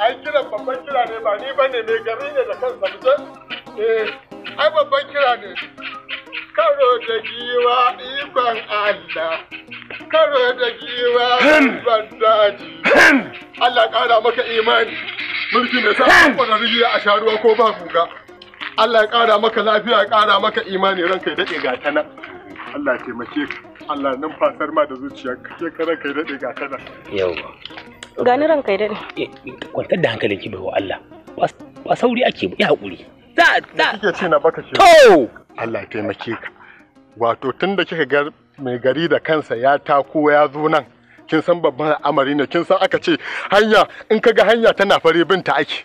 ai kira babban kira ne ba ni bane mai gari ne da kansa mutum eh ai babban kira ne karo da giwa ikon Allah karo da giwa ban daji Allah ƙara maka imani mulki mai sa kwararri a sha ruwa ko ba guga Allah ya ƙara maka lafiya ya ƙara maka imani ranka ya daɗe ga ta nan Allah ya taimake ka Allah numfasar ma da zuciyarka ke karan ka ya daɗe ga ta nan yauwa gani ranka idan eh, kwantar da hankalin ki baiwa Allah ba sauri ake ba ya hakuri da da kike ce na baka shi to Allah ya taimake ka wato tunda kika ga mai gari da kansa ya tako ya zo nan kin san babban al'amari ne kin san aka ce hanya in kaga hanya tana fare binta ake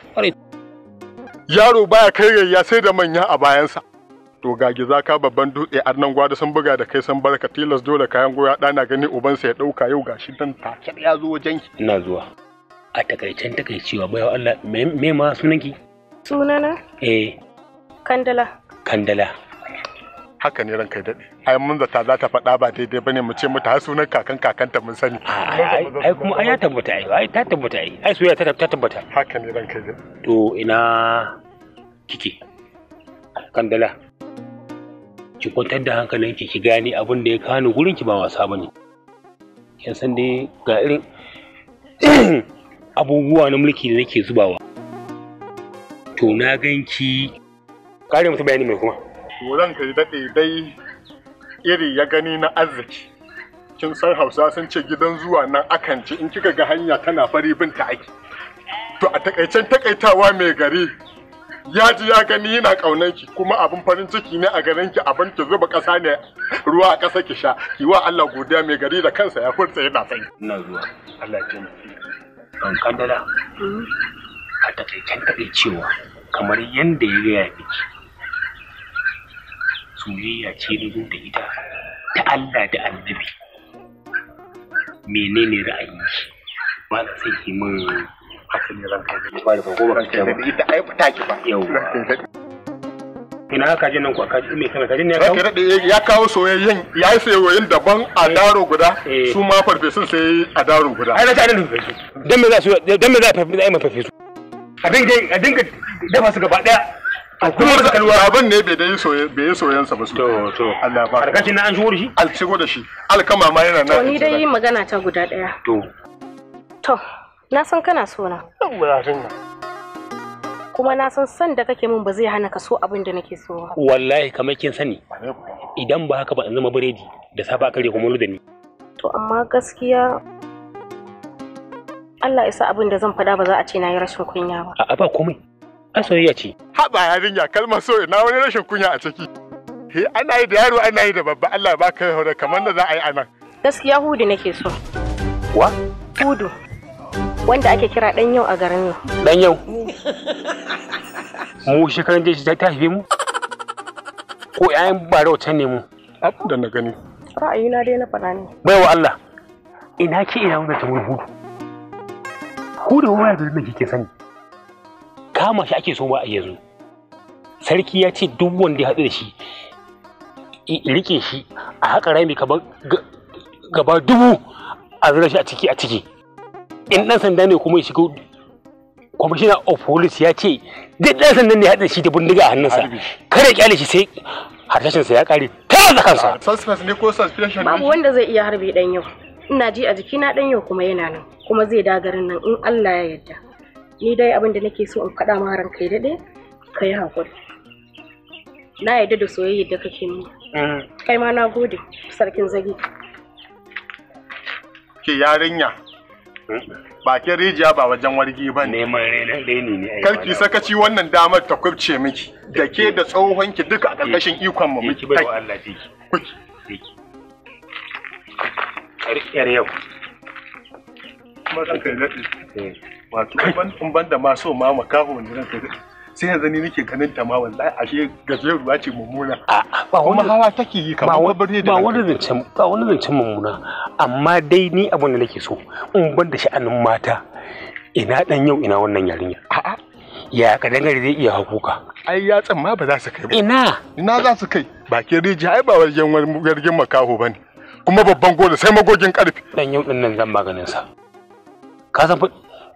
yaro baya kai ya sai da manya a bayansa to ga za ka babban dutse a nan gwada sun buga da kai san barka tilas dole kayan goya na gani sa ya dauka yau gashi dan take ya zo wajen ki. Ina zuwa. A takaicen takaicewa bayan Allah me ma sunanki? Sunana? Eh. Kandala. Kandala. haka ne ranka dade ai mun zata za ta faɗa ba daidai bane mu ce mata har sunan kakan kakanta mun sani ai kuma ai ya tabbata ai ai ta tabbata ai ai soyayya ta tabbata haka ne ranka dade to ina kike kandala ki kwantar da hankalinki ki gane abin da ya kano gurin ki ba wasa bane kin san dai ga irin abubuwa na mulki da nake zubawa to na ganki kare mutu bayani mai kuma To zan ka daɗe dai iri ya gani na arziki kin san hausa sun ce gidan zuwa nan akan ci in kika ga hanya tana fari bin ta ake to a takaicen takaitawa mai gari ya ji ya gani yana kaunar ki kuma abin farin ciki ne a garin ki abin ki zuba kasa ne ruwa a kasa ki sha ki wa Allah godiya mai gari da kansa ya furta yana sai ina zuwa Allah ya taimake kan kandala a takaicen kaɗai cewa kamar yadda ya gaya miki soyayya ce na da ita ta Allah da annabi menene ra'ayi shi ba na sai ki min haka ne ranka ne ba da ko ba ka ba ita ai ba taki ba ina ka ji nan kwa ka ji me kana ne ya kawo eh, ya kawo soyayyen ya yi soyayyen daban a eh. daro guda eh. su ma farfesun sai a daro guda ai na ta nan farfesu dan me za su dan me za farfesu ai farfesu a dinga a dinga dafa su gaba daya kuma da kalwa abin ne bai dai soye bai yi soyen sa ba su to to Allah ba na an shigo da shi al da shi alkama ma yana nan to ni dai magana ta guda daya to to na san kana so na kuma na san san da kake min ba zai hana ka so abin da nake so ba wallahi kamar kin sani idan ba haka ba in zama biredi da safa aka rike kuma da ni to amma gaskiya Allah isa abin da zan fada ba za a ce na yi rashin kunya ba a'a ba komai a soyayya ce haɓa yarinya kalmar so na wani rashin kunya a ciki he ana yi da yaro ana yi da babba Allah ba ka yi kamar da za a yi anan gaskiya hudu nake so wa hudu wanda ake kira dan yau a garin nan dan yau mu shekaran da ta haife mu ko ƴaƴan bara wata ne mu da na gani ra'ayina dai na faɗa ne baiwa Allah ina ki ina ta tamar hudu Hudu da waya da nan kike sani kama shi ake so ba a yanzu sarki ya ce duk wanda ya haɗu da shi rike shi a haƙa rami gaba dubu a zira shi a ciki a ciki in ɗan sanda ne kuma ya shigo kwamishina of police ya ce duk ɗan sanda ne haɗa shi da bindiga a hannunsa kada kyale shi sai harsashinsa ya ƙare ta da kansa suspense ne ko suspension babu wanda zai iya harbe dan yau ina ji a jikina dan yau kuma yana nan kuma zai da garin nan in Allah ya yarda ni dai abin da nake so in fada ma ran kai daɗe kai hakuri na yarda da soyayyar da kake mini mm. kai ma na gode sarkin zagi ke yarinya bakin rijiya ba wajen wargi ba ne neman reni ne karki sakaci wannan damar ta kubce miki da ke da tsohon ki duka a ƙarƙashin ikon mu miki bai Allah diki ƙarƙiyar yau kuma kai daɗi eh. wato ban da maso ma makaho ne ranka sai yanzu ni nake ganin ta ma wallahi ashe gashe ruwa ce mummuna ba kuma hawa take yi kamar babbar da ba wani zancen ba wani zancen mummuna amma dai ni abin da nake so in ban da sha'anin mata ina dan yau ina wannan yarinya a'a ya ka dangare zai iya hakuka ai yatsan ma ba za su kai ba ina ina za su kai bakin rijiya ai ba wajen wargin makaho bane kuma babban gole sai magogin karfi dan yau din nan zan maganin sa ka san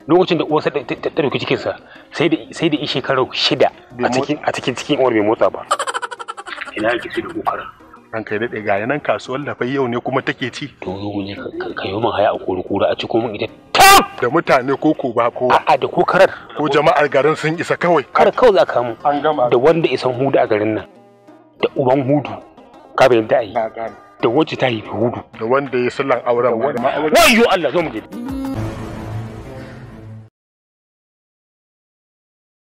lokacin da uwarsa ta ɗauki cikinsa sai da sai da shekaru shida a cikin a cikin cikin uwar mai motsa ba ina ake su da kokarin an kai daɗe ga yanan kasuwar lafai yau ne kuma take ci to yau ne ka yi haya a kurkura a cikin mun ita da mutane ko ko ba ko a da kokarar ko jama'ar garin sun isa kawai kar kawai za ka mu an gama da wanda isan hudu a garin nan da uban hudu ka bayyana da ai da wacce ta yi hudu da wanda ya sallan auren wayo Allah zo mu gidi